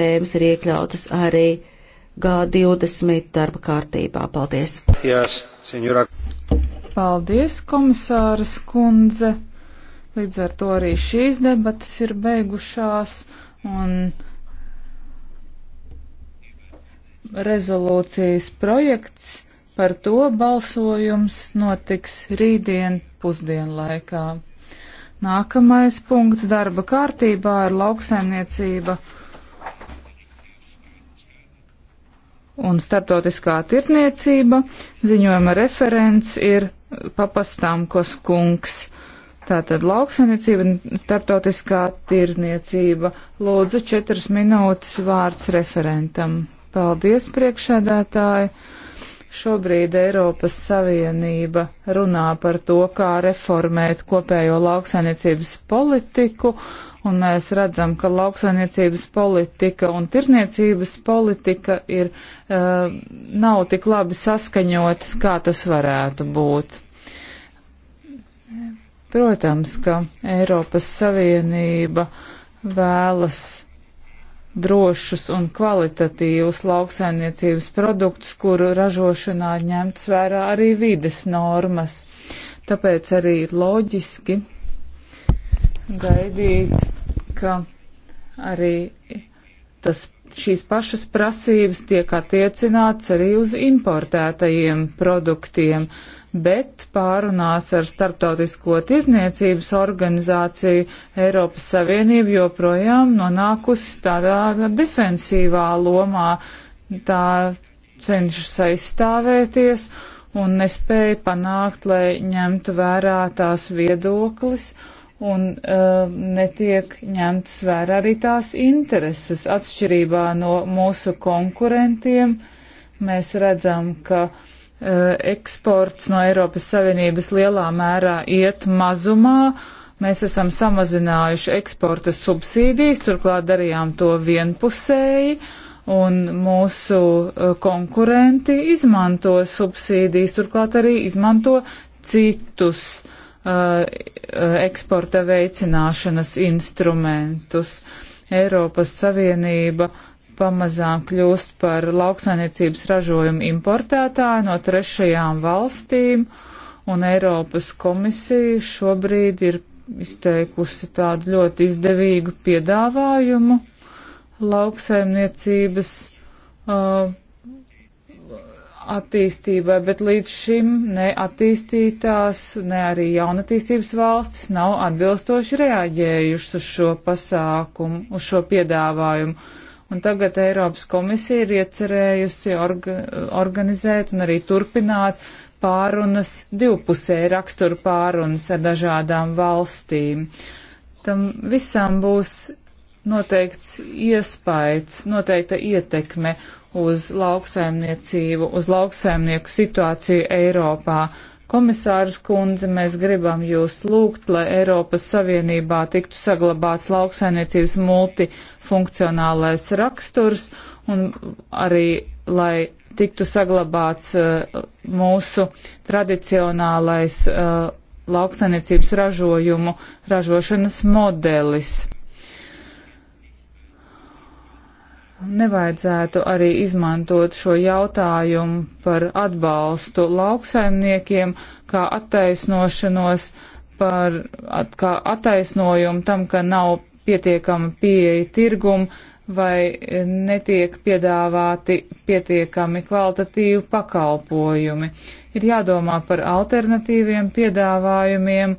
tēmas ir iekļautas arī G20 darba kārtībā. Paldies! Yes, Paldies, komisāras kundze! Līdz ar to arī šīs debatas ir beigušās un rezolūcijas projekts par to balsojums notiks rītdien pusdienlaikā. Nākamais punkts darba kārtībā ir lauksaimniecība. un starptautiskā tirzniecība. Ziņojuma referents ir papastāmkos kungs. Tātad lauksaimniecība un starptautiskā tirzniecība. Lūdzu, četras minūtes vārds referentam. Paldies, priekšēdētāji! Šobrīd Eiropas Savienība runā par to, kā reformēt kopējo lauksaimniecības politiku un mēs redzam, ka lauksainiecības politika un tirzniecības politika ir, uh, nav tik labi saskaņotas, kā tas varētu būt. Protams, ka Eiropas Savienība vēlas drošus un kvalitatīvus lauksainiecības produktus, kuru ražošanā ņemts vērā arī vides normas. Tāpēc arī loģiski gaidīt ka arī tas, šīs pašas prasības tiek attiecināts arī uz importētajiem produktiem, bet pārunās ar Startautisko tirdzniecības organizāciju Eiropas Savienība joprojām nonākusi tādā defensīvā lomā. Tā cenšas aizstāvēties un nespēja panākt, lai ņemtu vērā tās viedoklis un uh, netiek ņemtas vērā arī tās intereses. Atšķirībā no mūsu konkurentiem mēs redzam, ka uh, eksports no Eiropas Savienības lielā mērā iet mazumā. Mēs esam samazinājuši eksporta subsīdijas, turklāt darījām to vienpusēji, un mūsu uh, konkurenti izmanto subsīdijas, turklāt arī izmanto citus uh, Uh, eksporta veicināšanas instrumentus. Eiropas Savienība pamazām kļūst par lauksainiecības ražojumu importētāju no trešajām valstīm, un Eiropas komisija šobrīd ir izteikusi tādu ļoti izdevīgu piedāvājumu lauksaimniecības uh, attīstībai, bet līdz šim neattīstītās, ne arī jaunatīstības valstis nav atbilstoši reaģējušas uz šo pasākumu, uz šo piedāvājumu. Un tagad Eiropas komisija ir iecerējusi orga, organizēt un arī turpināt pārunas, divpusēju raksturu pārunas ar dažādām valstīm. Tam visam būs noteikts iespējas, noteikta ietekme, uz lauksaimniecību, uz lauksaimnieku situāciju Eiropā. Komisārs kundze, mēs gribam jūs lūgt, lai Eiropas Savienībā tiktu saglabāts lauksainiecības multifunkcionālais raksturs un arī, lai tiktu saglabāts uh, mūsu tradicionālais uh, lauksainiecības ražojumu ražošanas modelis. nevajadzētu arī izmantot šo jautājumu par atbalstu lauksaimniekiem kā attaisnošanos, par, at, kā attaisnojumu tam, ka nav pietiekama pieeja tirgumu vai netiek piedāvāti pietiekami kvalitatīvi pakalpojumi. Ir jādomā par alternatīviem piedāvājumiem,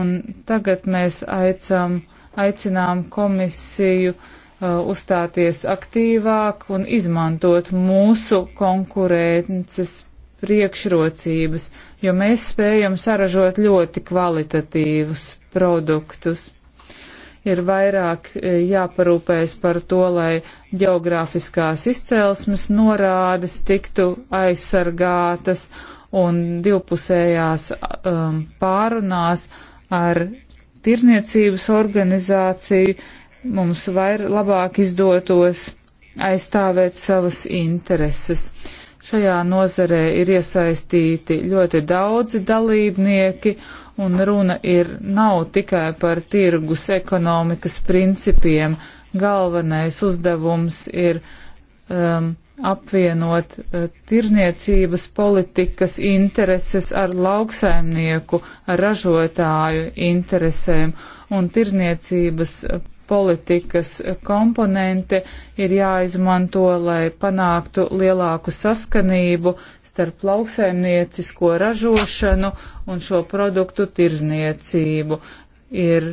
un tagad mēs aicam, aicinām komisiju uh, Uh, uzstāties aktīvāk un izmantot mūsu konkurences priekšrocības, jo mēs spējam saražot ļoti kvalitatīvus produktus. Ir vairāk uh, jāparūpēs par to, lai geogrāfiskās izcelsmes norādes tiktu aizsargātas un divpusējās um, pārunās ar tirzniecības organizāciju mums vair labāk izdotos aizstāvēt savas intereses. Šajā nozarē ir iesaistīti ļoti daudzi dalībnieki, un runa ir nav tikai par tirgus ekonomikas principiem. Galvenais uzdevums ir um, apvienot uh, tirzniecības politikas intereses ar lauksaimnieku, ar ražotāju interesēm, un tirzniecības uh, politikas komponente ir jāizmanto, lai panāktu lielāku saskanību starp lauksaimniecisko ražošanu un šo produktu tirzniecību. Ir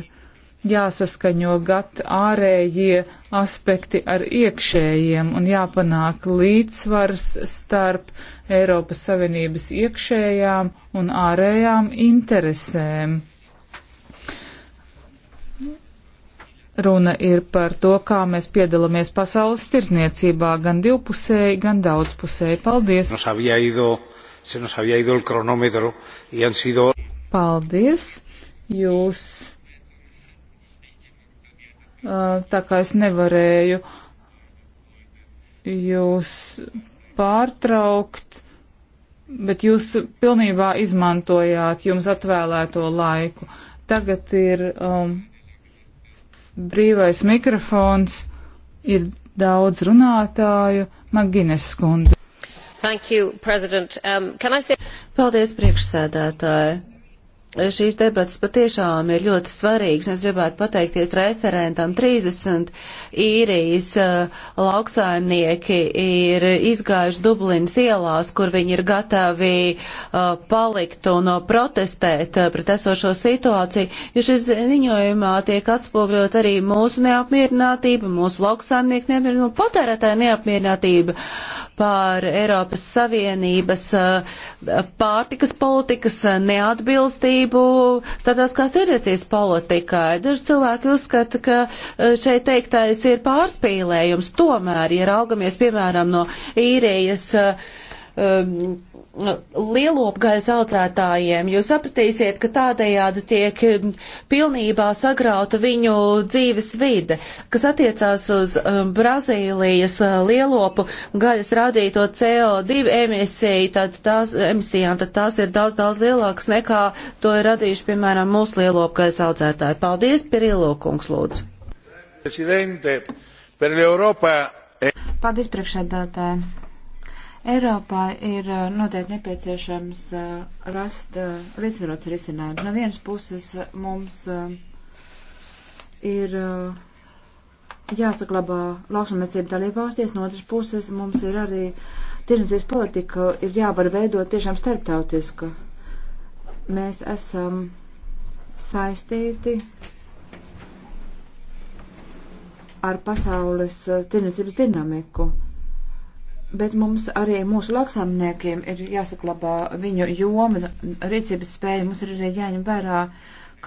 jāsaskaņo gat ārējie aspekti ar iekšējiem un jāpanāk līdzsvars starp Eiropas Savienības iekšējām un ārējām interesēm. Runa ir par to, kā mēs piedalāmies pasaules tirdzniecībā, gan divpusēji, gan daudzpusēji. Paldies! Paldies! Jūs tā kā es nevarēju jūs pārtraukt, bet jūs pilnībā izmantojāt jums atvēlēto laiku. Tagad ir um, brīvais mikrofons, ir daudz runātāju. Magines skundze. Thank you, President. Um, can I say... Paldies, priekšsēdētāji šīs debatas patiešām ir ļoti svarīgas. Es gribētu pateikties referentam. 30 īrijas eh, lauksaimnieki ir izgājuši Dublinas ielās, kur viņi ir gatavi eh, palikt un eh, protestēt pret esošo situāciju, jo šis ziņojumā tiek atspogļot arī mūsu neapmierinātība, mūsu lauksaimnieku neapmierinātība, patērētāja neapmierinātība par Eiropas Savienības eh, pārtikas politikas eh, neatbilstību starptautiskās tirdzniecības politikai. Daži cilvēki uzskata, ka eh, šeit teiktais ir pārspīlējums. Tomēr, ja raugamies, piemēram, no īrijas Um, lielopgais audzētājiem, jūs sapratīsiet, ka tādējādi tiek um, pilnībā sagrauta viņu dzīves vide, kas attiecās uz um, Brazīlijas uh, lielopu gaļas rādīto CO2 emisiju, tad tās emisijām, tad tās ir daudz, daudz lielākas nekā to ir radījuši, piemēram, mūsu lielopgais audzētāji. Paldies, Pirilo kungs, lūdzu. Paldies, priekšsēdētāji. Eiropā ir eh, noteikti nepieciešams eh, rast eh, līdzsvarots risinājums. No vienas puses mums ir jāsaglabā lauksamniecība dalībvalstīs, no otras puses mums ir arī tirdzniecības politika ir jāvar veidot tiešām starptautiska. Mēs esam saistīti ar pasaules tirdzniecības dinamiku bet mums arī mūsu lauksaimniekiem ir jāsaklabā viņu joma, rīcības spēja, mums ir arī jāņem vērā,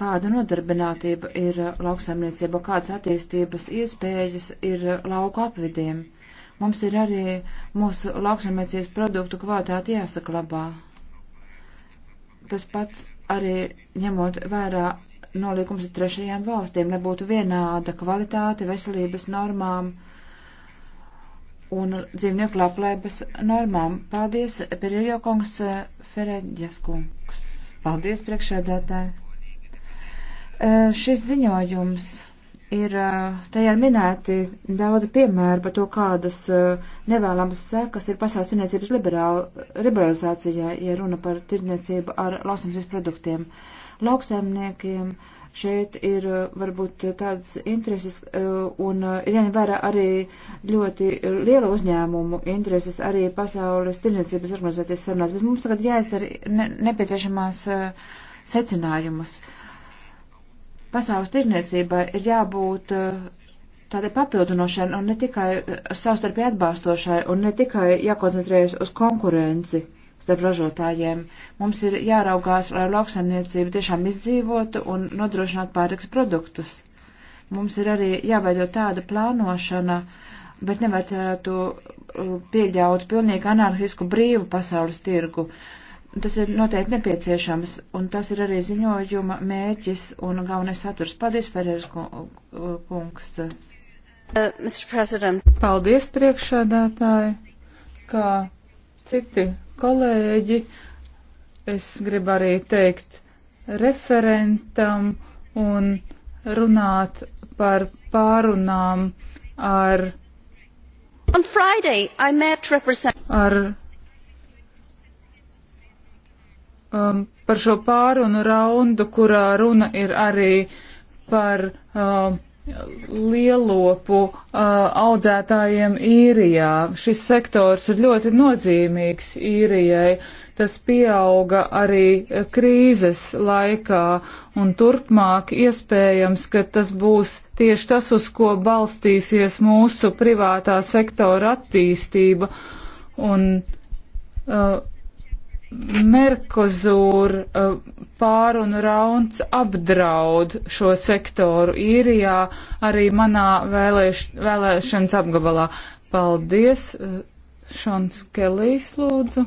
kāda nodarbinātība ir lauksaimniecība, kādas attīstības iespējas ir lauku apvidiem. Mums ir arī mūsu lauksaimniecības produktu kvalitāte jāsaklabā. Tas pats arī ņemot vērā nolīkums ar trešajām valstīm, lai būtu vienāda kvalitāte veselības normām. Uh, un dzīvnieku labklājības normām. Paldies, Perijo kungs, Fereģas kungs. Paldies, priekšēdētāji. E, šis ziņojums ir, e, tajā ir minēti daudzi piemēri par to, kādas e, nevēlamas sekas ir pasaules tirniecības liberalizācijā, ja runa par tirniecību ar lauksimības produktiem. Uh, lauksaimniekiem šeit ir uh, varbūt uh, tādas intereses uh, un ir jāņem vērā arī ļoti liela uzņēmumu intereses arī pasaules tirniecības organizēties sarunās, bet mums tagad jāizdara ne, nepieciešamās secinājumus. Pasaules tirniecībai ir jābūt tādai papildinošai un ne tikai savstarpēji atbāstošai un ne tikai jākoncentrējas uz konkurenci starp ražotājiem. Mums ir jāraugās, lai lauksaimniecība tiešām izdzīvotu un nodrošinātu pārtiks produktus. Mums ir arī jāveido tāda plānošana, bet nevajadzētu uh, pieļaut pilnīgi anarhisku brīvu pasaules tirgu. Tas ir noteikti nepieciešams, un tas ir arī ziņojuma mēķis un galvenais saturs. Paldies, Ferēras uh, kungs. Uh, Paldies, priekšsēdētāji, kā citi kolēģi. Es gribu arī teikt referentam un runāt par pārunām ar, Friday, ar um, par šo pārunu raundu, kurā runa ir arī par um, lielopu uh, audzētājiem īrijā. Šis sektors ir ļoti nozīmīgs īrijai. Tas pieauga arī krīzes laikā un turpmāk iespējams, ka tas būs tieši tas, uz ko balstīsies mūsu privātā sektora attīstība. Un, uh, Merkozūr uh, pārunu rauns apdraud šo sektoru īrijā, arī manā vēlēš, vēlēšanas apgabalā. Paldies, uh, Šons Kelijs lūdzu.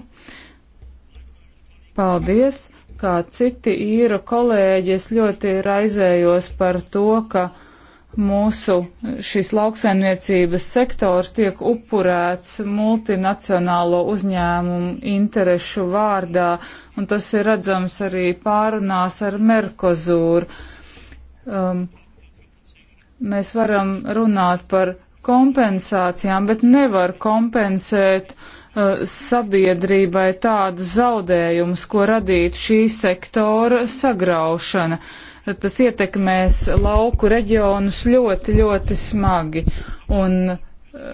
Paldies, kā citi īru kolēģi, es ļoti raizējos par to, ka mūsu šīs lauksaimniecības sektors tiek upurēts multinacionālo uzņēmumu interešu vārdā, un tas ir redzams arī pārunās ar Merkozūru. Um, mēs varam runāt par kompensācijām, bet nevar kompensēt uh, Uh, sabiedrībai tādus zaudējumus, ko radītu šī sektora sagraušana. Tas ietekmēs lauku reģionus ļoti, ļoti smagi. Un, uh,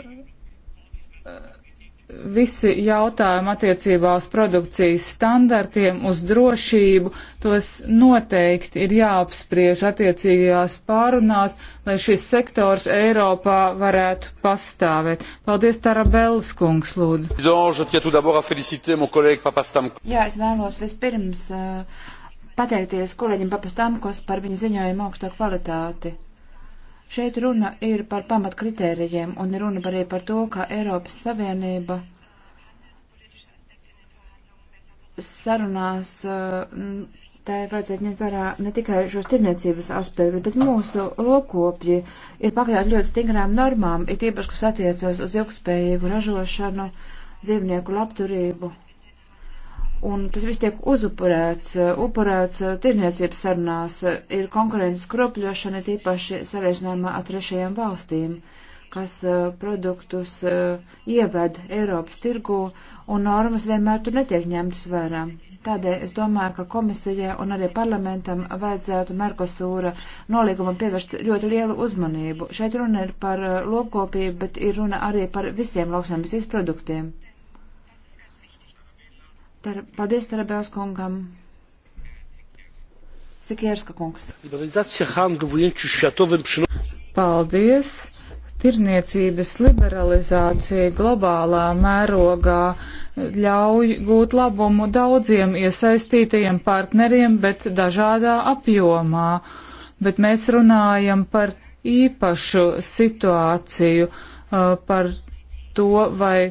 visi jautājumi attiecībā uz produkcijas standartiem, uz drošību, tos noteikti ir jāapspriež attiecīgajās pārunās, lai šis sektors Eiropā varētu pastāvēt. Paldies, Tarabellas kungs, lūdzu. Jā, es vēlos vispirms uh, pateikties kolēģim Papastamkos par viņa ziņojumu augstā kvalitāti. Šeit runa ir par pamatkritērijiem un runa arī par to, ka Eiropas Savienība sarunās eh, tai vajadzētu ņemt vērā ne tikai šos tirniecības aspektus, bet mūsu lopkopji ir pakļauti ļoti stingrām normām, it īpaši, kas attiecas uz ilgspējīgu ražošanu, dzīvnieku labturību un tas viss tiek uzupurēts, uh, upurēts uh, tirniecības sarunās, uh, ir konkurences kropļošana tīpaši sarežģinājumā ar trešajām valstīm, kas produktus ieved Eiropas tirgū, un normas vienmēr tur netiek ņemtas vērā. Tādēļ es domāju, ka komisijai un arī parlamentam vajadzētu Merkosūra nolīgumam pievērst ļoti lielu uzmanību. Šeit runa ir par lopkopību, bet ir runa arī par visiem lauksaimniecības produktiem. Ter, paldies Terebēls kungam. Sikierska kungs. Paldies. Tirzniecības liberalizācija globālā mērogā ļauj gūt labumu daudziem iesaistītajiem partneriem, bet dažādā apjomā. Bet mēs runājam par īpašu situāciju, uh, par to, vai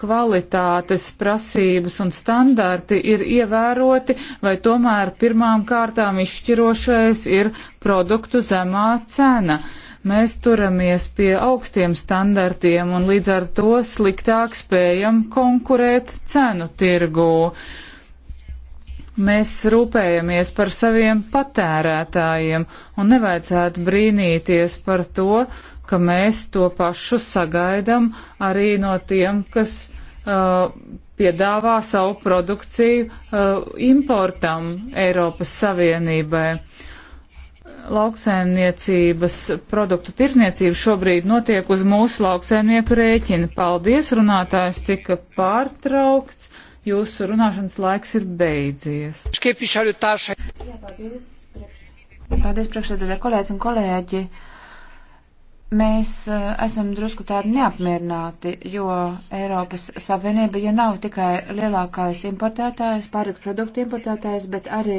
kvalitātes prasības un standarti ir ievēroti, vai tomēr pirmām kārtām izšķirošais ir produktu zemā cena. Mēs turamies pie augstiem standartiem un līdz ar to sliktāk spējam konkurēt cenu tirgū. Uh, Mēs rūpējamies par saviem patērētājiem un nevajadzētu brīnīties par to, ka mēs to pašu sagaidam arī no tiem, kas uh, piedāvā savu produkciju uh, importam Eiropas Savienībai. Lauksaimniecības produktu tirzniecība šobrīd notiek uz mūsu lauksaimnieku rēķina. Paldies, runātājs tika pārtraukts. Jūsu runāšanas laiks ir beidzies. Jā, paldies, paldies priekšsēdētāji kolēģi un kolēģi mēs uh, esam drusku tādi neapmierināti, jo Eiropas Savienība, ja nav tikai lielākais importētājs, pārtiks produktu importētājs, bet arī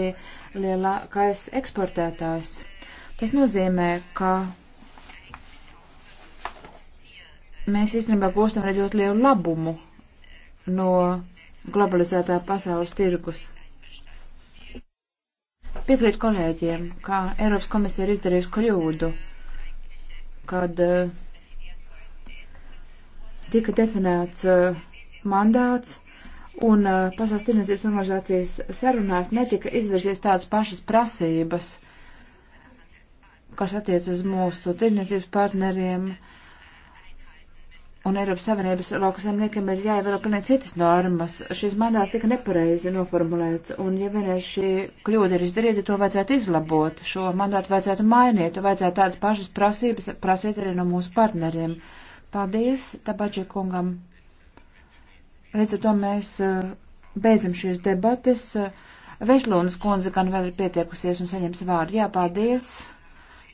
lielākais eksportētājs. Tas nozīmē, ka mēs īstenībā gūstam arī ļoti lielu labumu no globalizētā pasaules tirgus. Piekrīt kolēģiem, kā Eiropas komisija ir izdarījusi kļūdu, kad eh, tika definēts eh, mandāts un eh, pasaules tirnēcības organizācijas sarunās netika izvirsies tādas pašas prasības, kas attiecas mūsu tirnēcības partneriem, uh, un Eiropas Savienības lauksaimniekiem ir jāievēro pilnīgi citas normas. Šis mandāts tika nepareizi noformulēts, un ja vienreiz šī kļūda ir izdarīta, to vajadzētu izlabot, šo mandātu vajadzētu mainīt, vajadzētu tādas pašas prasības prasīt arī no mūsu partneriem. Paldies, Tabaģi kungam. Līdz ar to mēs eh, beidzam šīs debates. Eh, Veslūnas kundze gan vēl ir pietiekusies un saņems vārdu. Jā, paldies.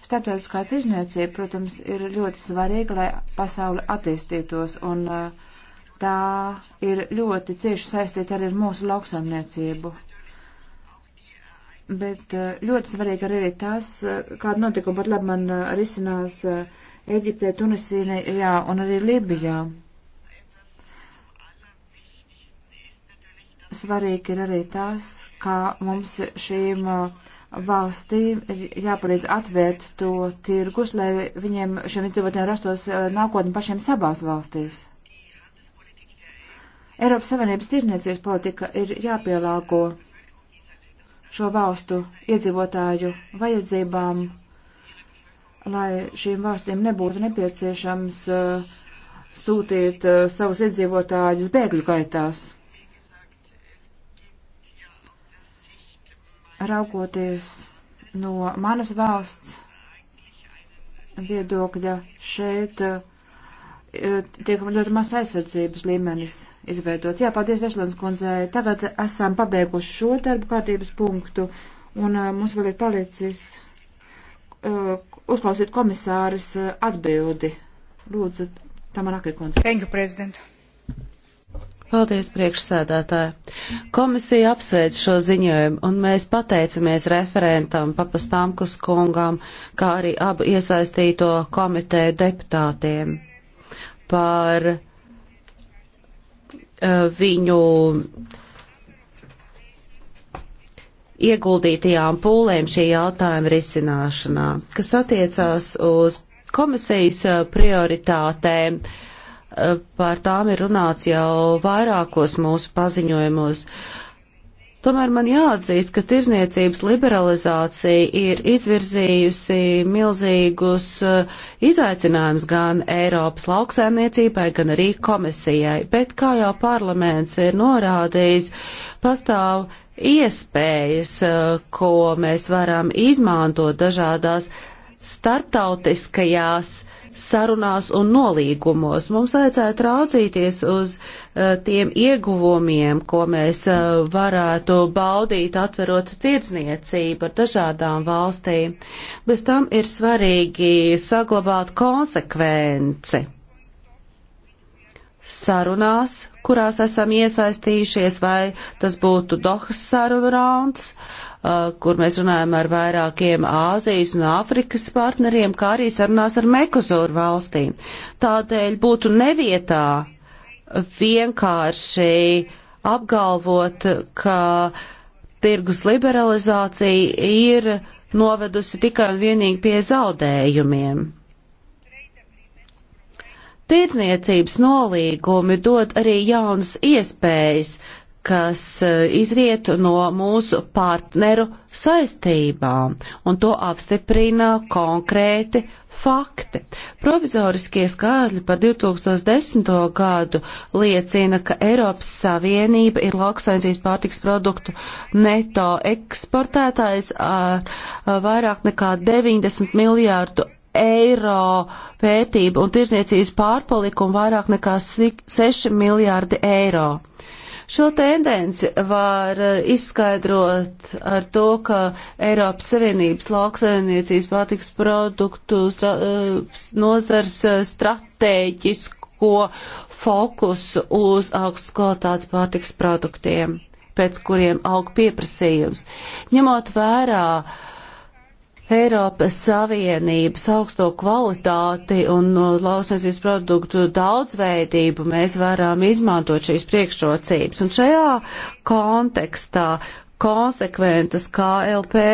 Starptautiskā tirzniecība, protams, ir ļoti svarīga, lai pasauli attīstītos, un eh, tā ir ļoti cieši saistīta arī ar mūsu lauksaimniecību. Bet eh, ļoti svarīgi arī tas, eh, kāda notikuma pat labi man risinās Eģiptē, Tunisijā un arī Libijā. Svarīgi ir arī tas, kā mums šīm uh, valstīm ir jāpalīdz atvērt to tirgus, lai viņiem šiem iedzīvotājiem rastos eh, nākotni pašiem savās valstīs. Eiropas Savienības tirniecības politika ir jāpielāgo šo valstu iedzīvotāju vajadzībām, lai šīm valstīm nebūtu nepieciešams uh, sūtīt uh, savus iedzīvotājus bēgļu gaitās. raugoties no manas valsts viedokļa, šeit eh, tiek ļoti maz aizsardzības līmenis izveidots. Jā, paldies Veselins kundzei. Tagad esam pabeiguši šo darbu kārtības punktu, un eh, mums vēl ir palicis eh, uzklausīt komisāris atbildi. Lūdzu, Tamanaki kundze. Thank you, President. Paldies, priekšsēdētāji. Komisija apsveic šo ziņojumu, un mēs pateicamies referentam papastāmkus kungām, kā arī abu iesaistīto komiteju deputātiem par uh, viņu ieguldītajām pūlēm šī jautājuma risināšanā, kas attiecās uz komisijas eh, prioritātēm. Uh, par tām ir runāts jau vairākos mūsu paziņojumos. Tomēr man jāatzīst, ka tirzniecības liberalizācija ir izvirzījusi milzīgus uh, izaicinājumus gan Eiropas lauksaimniecībai, gan arī komisijai. Bet, kā jau parlaments ir norādījis, pastāv iespējas, uh, ko mēs varam izmantot dažādās starptautiskajās uh, sarunās un nolīgumos. Mums vajadzētu raudzīties uz uh, tiem ieguvumiem, ko mēs uh, varētu baudīt atverot tirdzniecību ar dažādām valstīm. Bez tam ir svarīgi saglabāt konsekvenci sarunās, kurās esam iesaistījušies, vai tas būtu Dohas sarunu rauns, uh, Uh, kur mēs runājam ar vairākiem Āzijas un Āfrikas partneriem, kā arī sarunās ar Mekozoru valstīm. Tādēļ būtu nevietā vienkārši apgalvot, ka tirgus liberalizācija ir novedusi tikai un vienīgi pie zaudējumiem. Tirdzniecības nolīgumi dod arī jaunas iespējas, kas eh, izriet no mūsu partneru saistībām, un to apstiprina konkrēti fakti. Provizoriskie skaitļi par 2010. gadu liecina, ka Eiropas Savienība ir lauksaimniecības pārtiks produktu neto eksportētājs ar eh, vairāk nekā 90 miljārdu eiro vērtību un tirzniecības pārpalikumu vairāk nekā 6 miljārdi eiro. Šo tendenci var eh, izskaidrot ar to, ka Eiropas Savienības lauksaimniecības pārtiks produktu stra eh, nozars eh, stratēģisko fokusu uz augstas kvalitātes pārtiks produktiem, pēc kuriem aug pieprasījums. Ņemot vērā uh, Eiropas Savienības augsto kvalitāti un uh, lausnesīs produktu daudzveidību mēs varam izmantot šīs priekšrocības. Un šajā kontekstā konsekventas KLP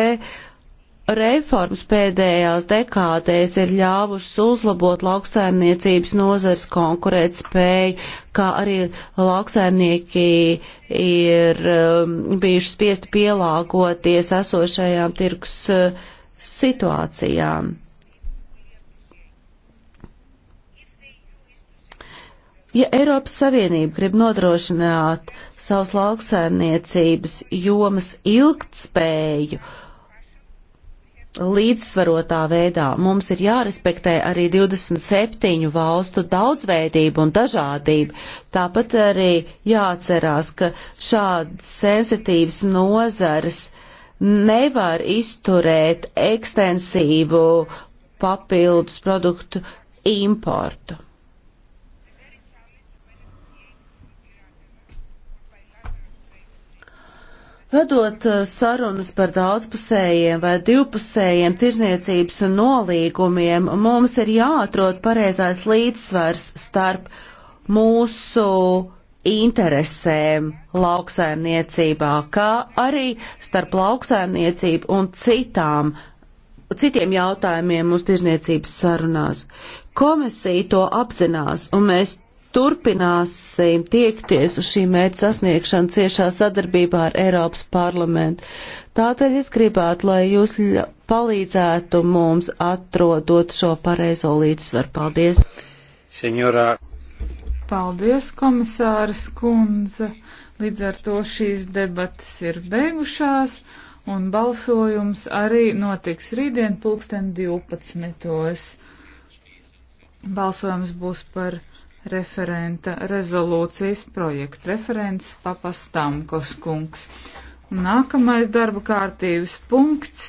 reformas pēdējās dekādēs ir ļāvušas uzlabot lauksaimniecības nozars konkurēt spēju, kā arī lauksaimnieki ir um, bijuši spiesti pielāgoties esošajām tirgus uh, situācijām. Ja Eiropas Savienība grib nodrošināt savus lauksaimniecības jomas ilgtspēju līdzsvarotā veidā, mums ir jārespektē arī 27 valstu daudzveidību un dažādību. Tāpat arī jāatcerās, ka šādas sensitīvas nozares uh, nevar izturēt ekstensīvu papildus produktu importu. Vedot eh, sarunas par daudzpusējiem vai divpusējiem tirzniecības nolīgumiem, mums ir jāatrod pareizais līdzsvars starp mūsu interesēm lauksaimniecībā, kā arī starp lauksaimniecību un citām, citiem jautājumiem mūsu tirzniecības sarunās. Komisija to apzinās, un mēs turpināsim tiekties uz šī mērķa sasniegšanu ciešā sadarbībā ar Eiropas parlamentu. Tātad es gribētu, lai jūs palīdzētu mums atrodot šo pareizo līdzsvaru. Paldies! Senora. Paldies, komisāras kundze. Līdz ar to šīs debatas ir beigušās un balsojums arī notiks rītdien pulksten 12. Balsojums būs par referenta rezolūcijas projektu. Referents papastamkos kungs. Nākamais darba kārtības punkts.